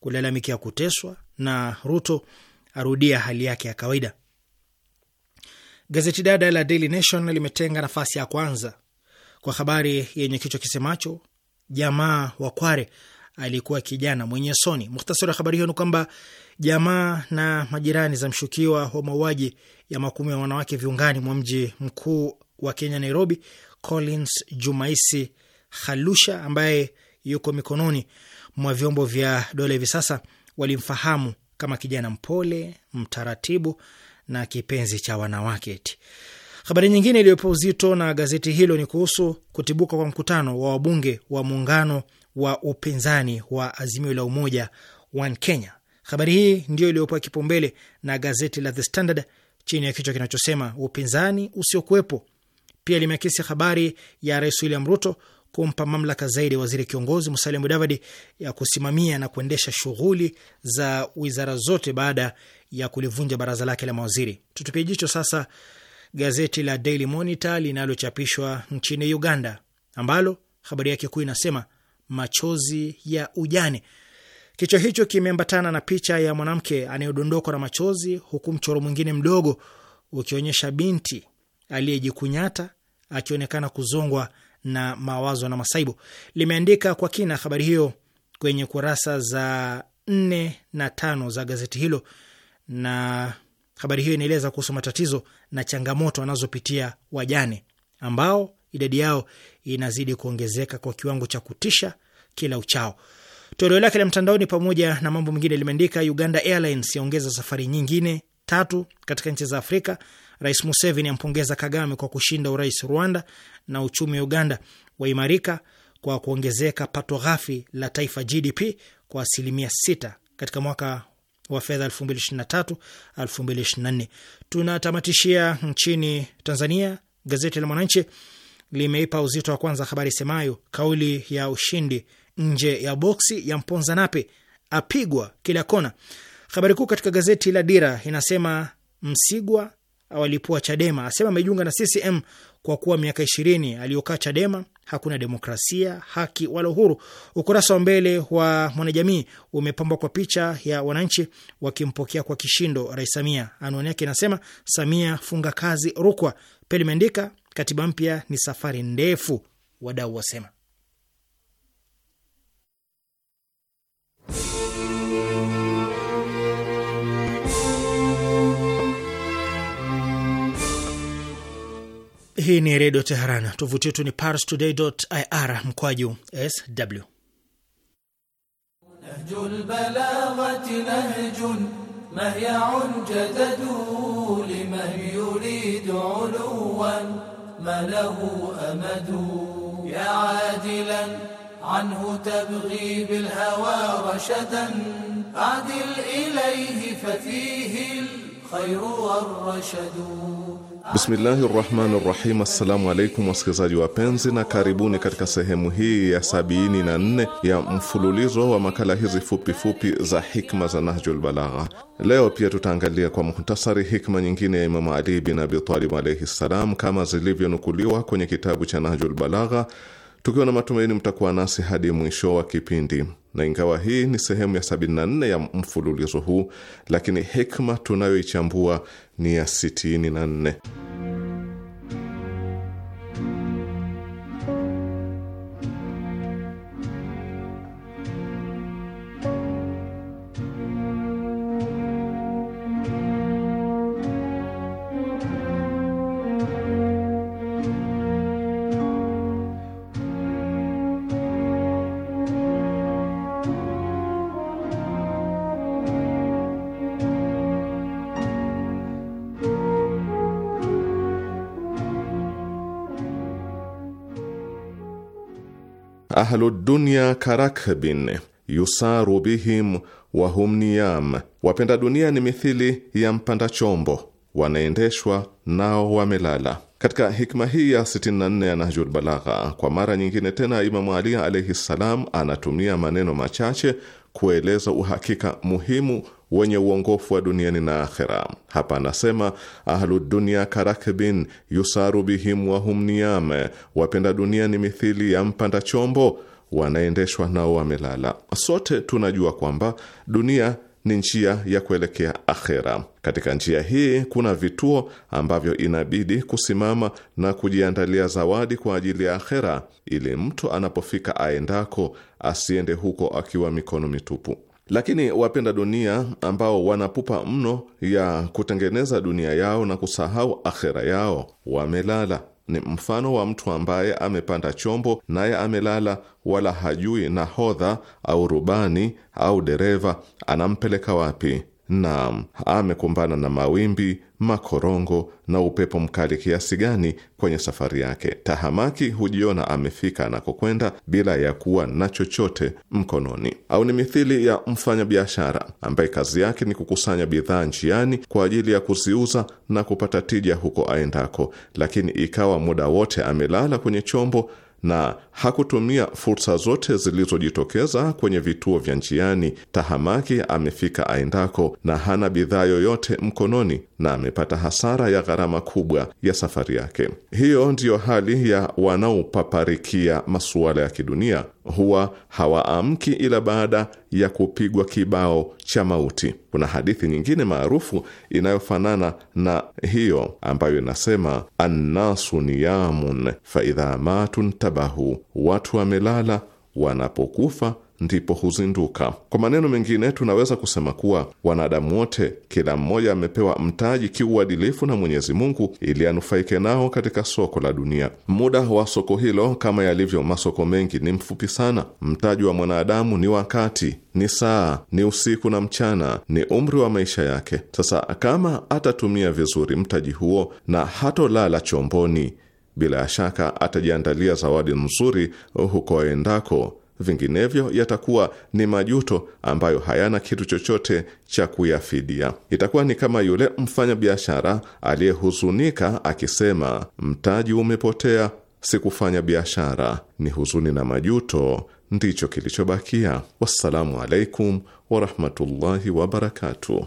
kulalamikia kuteswa, na Ruto arudia hali yake ya kawaida. Gazeti dada la Daily Nation limetenga nafasi ya kwanza kwa habari yenye kichwa kisemacho jamaa wa Kware alikuwa kijana mwenye soni. Muhtasari wa habari hiyo ni kwamba jamaa na majirani za mshukiwa wa mauaji ya makumi ya wanawake viungani mwa mji mkuu wa Kenya, Nairobi, Collins Jumaisi Halusha ambaye yuko mikononi mwa vyombo vya dola hivi sasa, walimfahamu kama kijana mpole, mtaratibu na kipenzi cha wanawake eti. Habari nyingine iliyopewa uzito na gazeti hilo ni kuhusu kutibuka kwa mkutano wa wabunge wa muungano wa upinzani wa Azimio la Umoja One Kenya. Habari hii ndiyo iliyopewa kipaumbele na gazeti la The Standard chini ya kichwa kinachosema upinzani usiokuwepo. Pia limeakisi habari ya Rais William Ruto kumpa mamlaka zaidi waziri kiongozi Musalia Mudavadi ya kusimamia na kuendesha shughuli za wizara zote baada ya kulivunja baraza lake la mawaziri. Tutupie jicho sasa gazeti la Daily Monitor linalochapishwa nchini Uganda, ambalo habari yake kuu inasema machozi ya ujane. Kichwa hicho kimeambatana na picha ya mwanamke anayedondokwa na machozi, huku mchoro mwingine mdogo ukionyesha binti aliyejikunyata akionekana kuzongwa na mawazo na masaibu. Limeandika kwa kina habari hiyo kwenye kurasa za nne na tano za gazeti hilo, na habari hiyo inaeleza kuhusu matatizo na changamoto wanazopitia wajane ambao idadi yao inazidi kuongezeka kwa kiwango cha kutisha kila uchao. Toleo lake la mtandaoni, pamoja na mambo mengine, limeandika Uganda Airlines yaongeza safari nyingine tatu katika nchi za Afrika Rais Museveni ampongeza Kagame kwa kushinda urais Rwanda, na uchumi wa Uganda waimarika kwa kuongezeka pato ghafi la taifa GDP kwa asilimia sita katika mwaka wa fedha 2023 2024. Tunatamatishia nchini Tanzania. Gazeti la Mwananchi limeipa uzito wa kwanza habari semayo kauli ya ushindi nje ya boksi ya mponza Nape apigwa kila kona. Habari kuu katika gazeti la Dira inasema Msigwa walipua Chadema, asema amejiunga na CCM kwa kuwa miaka ishirini aliyokaa Chadema hakuna demokrasia, haki wala uhuru. Ukurasa wa mbele wa Mwanajamii umepambwa kwa picha ya wananchi wakimpokea kwa kishindo Rais Samia. Anwani yake inasema Samia funga kazi Rukwa. Pia limeandika katiba mpya ni safari ndefu, wadau wasema Hii ni Redio Teheran. Tovuti yetu ni parstoday.ir mkwaju sw نهج البلاغة نهج مهيع جدده لمن يريد علوا ما له أمد يا عادلا عنه تبغي بالهوى رشدا أعدل إليه ففيه الخير والرشد Bismillahi rahmani rahim. Assalamu alaikum wasikilizaji wapenzi, na karibuni katika sehemu hii ya 74 ya mfululizo wa makala hizi fupifupi fupi za hikma za Nahjul Balagha. Leo pia tutaangalia kwa muhtasari hikma nyingine ya Imamu Ali bin Abi Talib alaihi ssalam, kama zilivyonukuliwa kwenye kitabu cha Nahjul Balagha tukiwa na matumaini mtakuwa nasi hadi mwisho wa kipindi. Na ingawa hii ni sehemu ya 74 ya mfululizo huu, lakini hikma tunayoichambua ni ya 64. dunya karakbin yusaru bihim wahum niyam, wapenda dunia ni mithili ya mpanda chombo, wanaendeshwa nao wamelala. Katika hikma hii ya 64 ya Nahjul Balagha, kwa mara nyingine tena, Imamu Ali alaihi ssalam anatumia maneno machache kueleza uhakika muhimu wenye uongofu wa duniani na akhera. Hapa anasema ahludunia karakbin yusaru bihim wahum niame, wapenda dunia ni mithili ya mpanda chombo wanaendeshwa nao wamelala. Sote tunajua kwamba dunia ni njia ya kuelekea akhera. Katika njia hii kuna vituo ambavyo inabidi kusimama na kujiandalia zawadi kwa ajili ya akhera, ili mtu anapofika aendako asiende huko akiwa mikono mitupu. Lakini wapenda dunia ambao wanapupa mno ya kutengeneza dunia yao na kusahau akhera yao wamelala. Ni mfano wa mtu ambaye amepanda chombo naye amelala, wala hajui nahodha au rubani au dereva anampeleka wapi, na amekumbana na mawimbi makorongo na upepo mkali kiasi gani kwenye safari yake. Tahamaki hujiona amefika anakokwenda bila ya kuwa na chochote mkononi. Au ni mithili ya mfanyabiashara ambaye kazi yake ni kukusanya bidhaa njiani kwa ajili ya kuziuza na kupata tija huko aendako, lakini ikawa muda wote amelala kwenye chombo na hakutumia fursa zote zilizojitokeza kwenye vituo vya njiani. Tahamaki amefika aendako na hana bidhaa yoyote mkononi, na amepata hasara ya gharama kubwa ya safari yake. Hiyo ndiyo hali ya wanaopaparikia masuala ya kidunia, huwa hawaamki ila baada ya kupigwa kibao cha mauti. Kuna hadithi nyingine maarufu inayofanana na hiyo ambayo inasema, annasu niyamun faidha matun tabahu, watu wamelala, wanapokufa ndipo huzinduka. Kwa maneno mengine, tunaweza kusema kuwa wanadamu wote, kila mmoja amepewa mtaji kiuadilifu na Mwenyezi Mungu ili anufaike nao katika soko la dunia. Muda wa soko hilo, kama yalivyo masoko mengi, ni mfupi sana. Mtaji wa mwanadamu ni wakati, ni saa, ni usiku na mchana, ni umri wa maisha yake. Sasa kama atatumia vizuri mtaji huo na hatolala chomboni, bila shaka atajiandalia zawadi nzuri huko aendako vinginevyo yatakuwa ni majuto ambayo hayana kitu chochote cha kuyafidia. Itakuwa ni kama yule mfanyabiashara aliyehuzunika akisema, mtaji umepotea, sikufanya biashara. Ni huzuni na majuto ndicho kilichobakia. Wassalamu alaikum warahmatullahi wabarakatuh.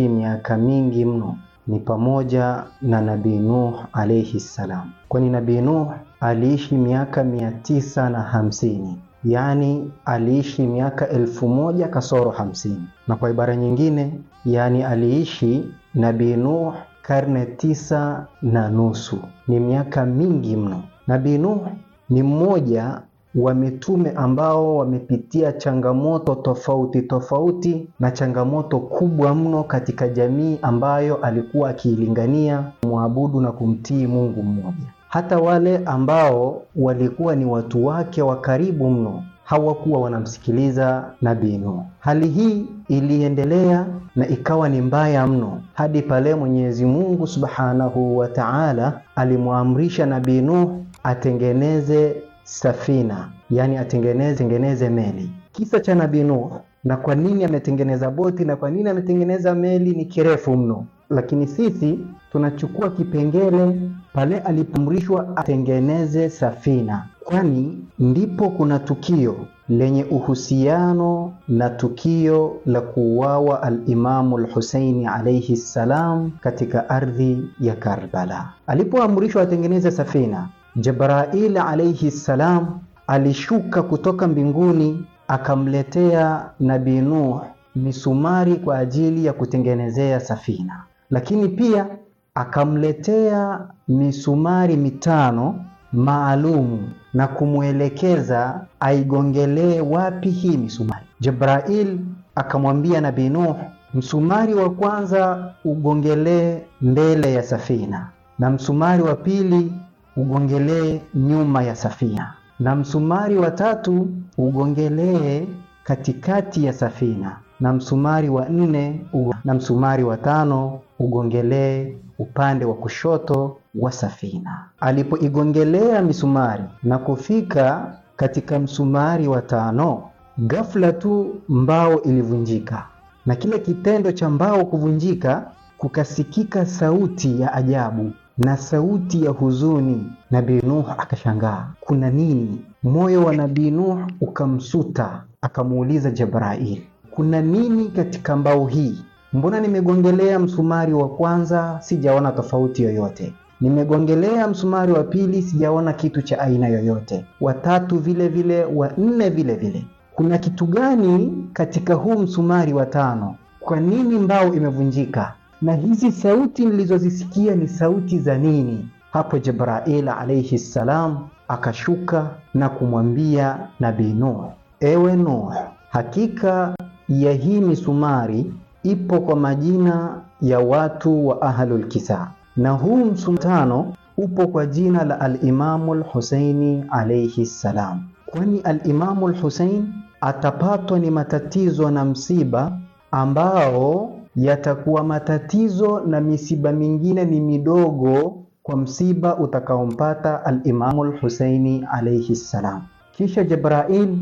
kuishi miaka mingi mno ni pamoja na Nabii Nuh alayhi salam, kwani Nabii Nuh aliishi miaka mia tisa na hamsini yaani aliishi miaka elfu moja kasoro hamsini na kwa ibara nyingine, yaani aliishi Nabii Nuh karne tisa na nusu. Ni miaka mingi mno. Nabii Nuh ni mmoja wa mitume ambao wamepitia changamoto tofauti tofauti na changamoto kubwa mno katika jamii ambayo alikuwa akiilingania kumwabudu na kumtii Mungu mmoja. Hata wale ambao walikuwa ni watu wake wa karibu mno hawakuwa wanamsikiliza nabii Nuhu. Hali hii iliendelea na ikawa ni mbaya mno hadi pale Mwenyezi Mungu Subhanahu wa Ta'ala alimwamrisha nabii Nuhu atengeneze safina, yaani atengeneze tengeneze meli. Kisa cha Nabii Nuh na kwa nini ametengeneza boti na kwa nini ametengeneza meli ni kirefu mno, lakini sisi tunachukua kipengele pale alipoamrishwa atengeneze safina, kwani ndipo kuna tukio lenye uhusiano na tukio la kuuawa al-Imamu al-Husaini alayhi salam katika ardhi ya Karbala. Alipoamrishwa atengeneze safina, Jibril alayhi salam alishuka kutoka mbinguni akamletea Nabii Nuh misumari kwa ajili ya kutengenezea safina, lakini pia akamletea misumari mitano maalumu na kumwelekeza aigongelee wapi hii misumari. Jibril akamwambia Nabii Nuh, msumari wa kwanza ugongelee mbele ya safina na msumari wa pili ugongelee nyuma ya safina, na msumari wa tatu ugongelee katikati ya safina, na msumari wa nne na msumari wa tano ugongelee upande wa kushoto wa safina. Alipoigongelea misumari na kufika katika msumari wa tano, ghafla tu mbao ilivunjika, na kile kitendo cha mbao kuvunjika kukasikika sauti ya ajabu na sauti ya huzuni. Nabii Nuh akashangaa, kuna nini? Moyo wa Nabii Nuh ukamsuta, akamuuliza Jabrail, kuna nini katika mbao hii? Mbona nimegongelea msumari wa kwanza sijaona tofauti yoyote, nimegongelea msumari wa pili sijaona kitu cha aina yoyote, wa tatu vile vile, wa nne vile vile. Kuna kitu gani katika huu msumari wa tano? Kwa nini mbao imevunjika? na hizi sauti nilizozisikia ni sauti za nini? Hapo Jibrail alayhi salam akashuka na kumwambia Nabii Nuh, ewe Nuh, hakika ya hii misumari ipo kwa majina ya watu wa ahlul kisa, na huu msumtano upo kwa jina la Alimamu Lhuseini alayhi salam, kwani Alimamu Lhusein atapatwa ni matatizo na msiba ambao yatakuwa matatizo na misiba mingine ni midogo kwa msiba utakaompata al lhuseini al-Husaini alayhi salam. Kisha Jibrail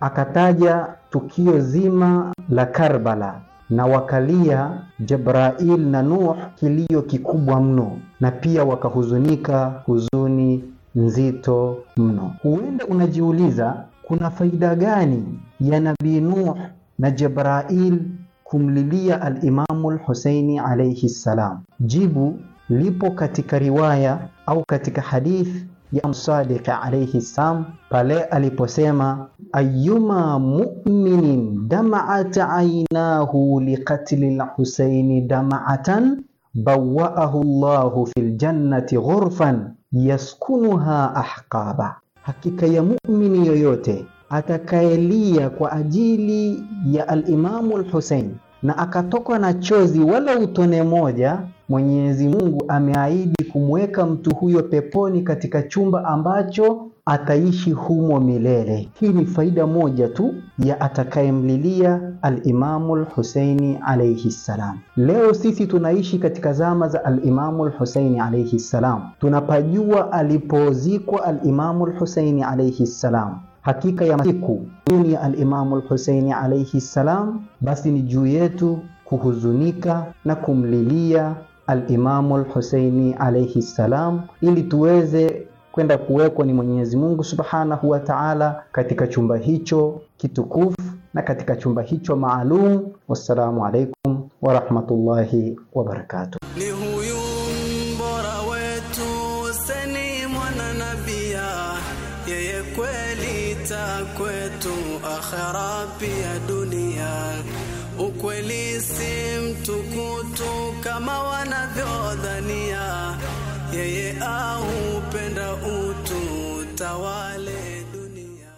akataja tukio zima la Karbala na wakalia Jibrail na Nuh kilio kikubwa mno, na pia wakahuzunika huzuni nzito mno. Huenda unajiuliza kuna faida gani ya Nabii Nuh na Jibrail kumlilia alimamu lhuseini alaihi ssalam. Jibu lipo katika riwaya au katika hadith ya Msadiq alaihi ssalam pale aliposema ayuma mu'minin damaat aynahu liqatli lhuseini damaatan bawaahu llahu fi ljannati ghurfan yaskunuha ahqaba, hakika ya mu'mini yoyote atakaelia kwa ajili ya alimamu lhusein na akatokwa na chozi wala utone moja, Mwenyezi Mungu ameahidi kumweka mtu huyo peponi katika chumba ambacho ataishi humo milele. Hii ni faida moja tu ya atakayemlilia Alimamu Lhuseini alaihi ssalam. Leo sisi tunaishi katika zama za Alimamu Lhuseini alaihi ssalam, tunapajua alipozikwa Alimamu Lhuseini alaihi ssalam hakika ya masiku ya alimamu Alhuseini alaihi ssalam, basi ni juu yetu kuhuzunika na kumlilia alimamu Alhuseini alaihi ssalam, ili tuweze kwenda kuwekwa ni Mwenyezi Mungu subhanahu wa taala katika chumba hicho kitukufu na katika chumba hicho maalum. Wassalamu alaikum warahmatullahi wabarakatuh. dunia.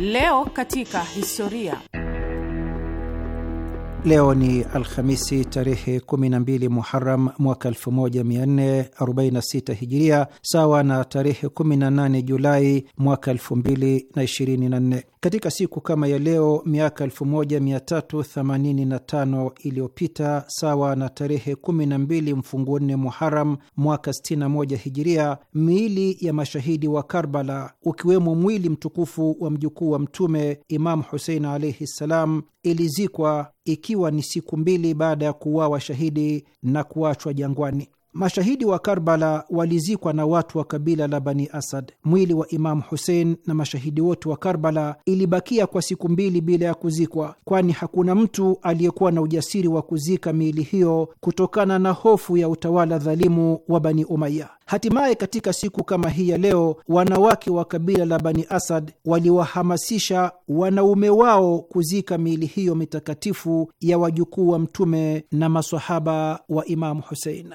Leo katika historia. Leo ni Alhamisi tarehe 12 Muharam mwaka 1446 Hijiria, sawa na tarehe 18 Julai mwaka 2024. Katika siku kama ya leo miaka 1385 iliyopita, sawa na tarehe 12 mfunguo nne Muharam mwaka 61 Hijiria, miili ya mashahidi wa Karbala, ukiwemo mwili mtukufu wa mjukuu wa Mtume Imamu Husein alaihi ssalam, ilizikwa ikiwa ni siku mbili baada ya kuuawa shahidi na kuachwa jangwani. Mashahidi wa Karbala walizikwa na watu wa kabila la Bani Asad. Mwili wa Imamu Husein na mashahidi wote wa Karbala ilibakia kwa siku mbili bila ya kuzikwa, kwani hakuna mtu aliyekuwa na ujasiri wa kuzika miili hiyo kutokana na hofu ya utawala dhalimu wa Bani Umaya. Hatimaye, katika siku kama hii ya leo, wanawake wa kabila la Bani Asad waliwahamasisha wanaume wao kuzika miili hiyo mitakatifu ya wajukuu wa Mtume na masahaba wa Imamu Husein.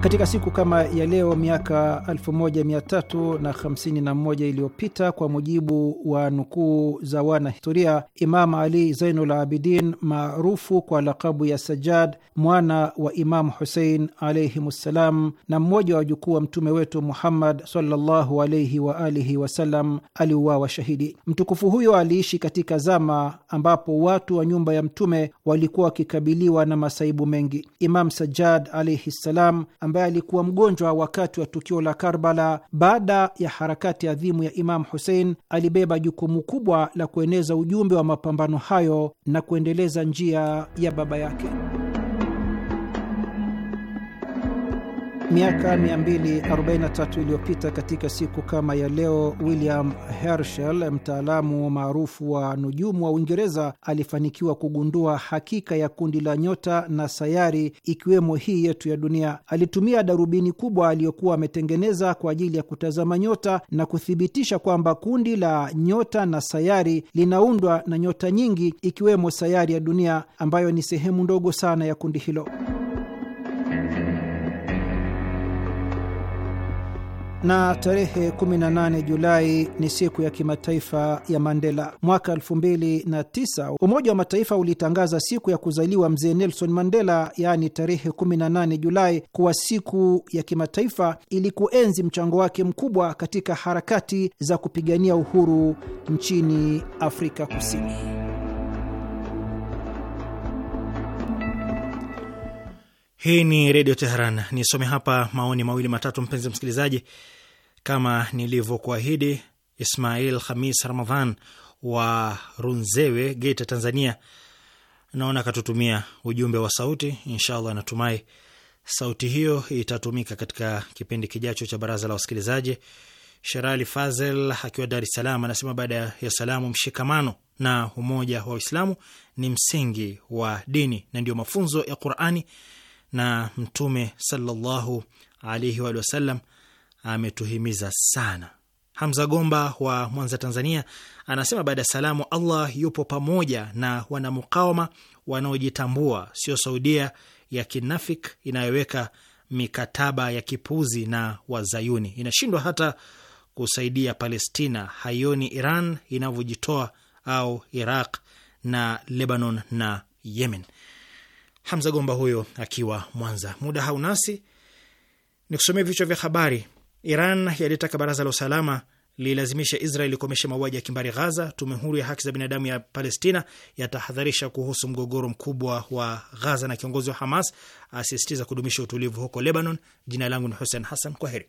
Katika siku kama ya leo miaka 1351 iliyopita, kwa mujibu wa nukuu za wanahistoria, Imam Ali Zainul Abidin maarufu kwa lakabu ya sajad mwana wa Imamu Husein alaihim ssalam, na mmoja wa wajukuu wa mtume wetu Muhammad sallallahu alaihi wa alihi wasallam, aliuawa shahidi. Mtukufu huyo aliishi katika zama ambapo watu wa nyumba ya mtume walikuwa wakikabiliwa na masaibu mengi. Imam Sajad alaihi ssalam ambaye alikuwa mgonjwa wakati wa tukio la Karbala. Baada ya harakati adhimu ya Imamu Husein, alibeba jukumu kubwa la kueneza ujumbe wa mapambano hayo na kuendeleza njia ya baba yake. Miaka 243 iliyopita katika siku kama ya leo, William Herschel, mtaalamu maarufu wa nujumu wa Uingereza, alifanikiwa kugundua hakika ya kundi la nyota na sayari, ikiwemo hii yetu ya dunia. Alitumia darubini kubwa aliyokuwa ametengeneza kwa ajili ya kutazama nyota na kuthibitisha kwamba kundi la nyota na sayari linaundwa na nyota nyingi, ikiwemo sayari ya dunia ambayo ni sehemu ndogo sana ya kundi hilo. na tarehe 18 Julai ni siku ya kimataifa ya Mandela. Mwaka 2009 Umoja wa Mataifa ulitangaza siku ya kuzaliwa mzee Nelson Mandela, yaani tarehe 18 Julai, kuwa siku ya kimataifa ili kuenzi mchango wake mkubwa katika harakati za kupigania uhuru nchini Afrika Kusini. Hii ni Redio Teheran. Nisome hapa maoni mawili matatu, mpenzi msikilizaji. Kama nilivyokuahidi, Ismail hamis Ramadhan wa Runzewe, Geita, Tanzania, naona akatutumia ujumbe wa sauti. Inshallah, natumai sauti hiyo itatumika katika kipindi kijacho cha baraza la wasikilizaji. Sherali Fazel akiwa Dar es Salaam anasema, baada ya salamu, mshikamano na umoja wa Uislamu ni msingi wa dini na ndio mafunzo ya Qurani na Mtume sallallahu alaihi wa sallam ametuhimiza sana. Hamza Gomba wa Mwanza, Tanzania, anasema baada ya salamu, Allah yupo pamoja na wanamukawama wanaojitambua, sio Saudia ya kinafik inayoweka mikataba ya kipuzi na Wazayuni, inashindwa hata kusaidia Palestina, haioni Iran inavyojitoa au Iraq na Lebanon na Yemen. Hamza Gomba huyo akiwa Mwanza. Muda haunasi ni kusomea vichwa vya habari. Iran yalitaka baraza la usalama lilazimisha Israel ikomeshe mauaji ya kimbari Ghaza. Tume huru ya haki za binadamu ya Palestina yatahadharisha kuhusu mgogoro mkubwa wa Ghaza, na kiongozi wa Hamas asisitiza kudumisha utulivu huko Lebanon. Jina langu ni Hussein Hassan, kwa heri.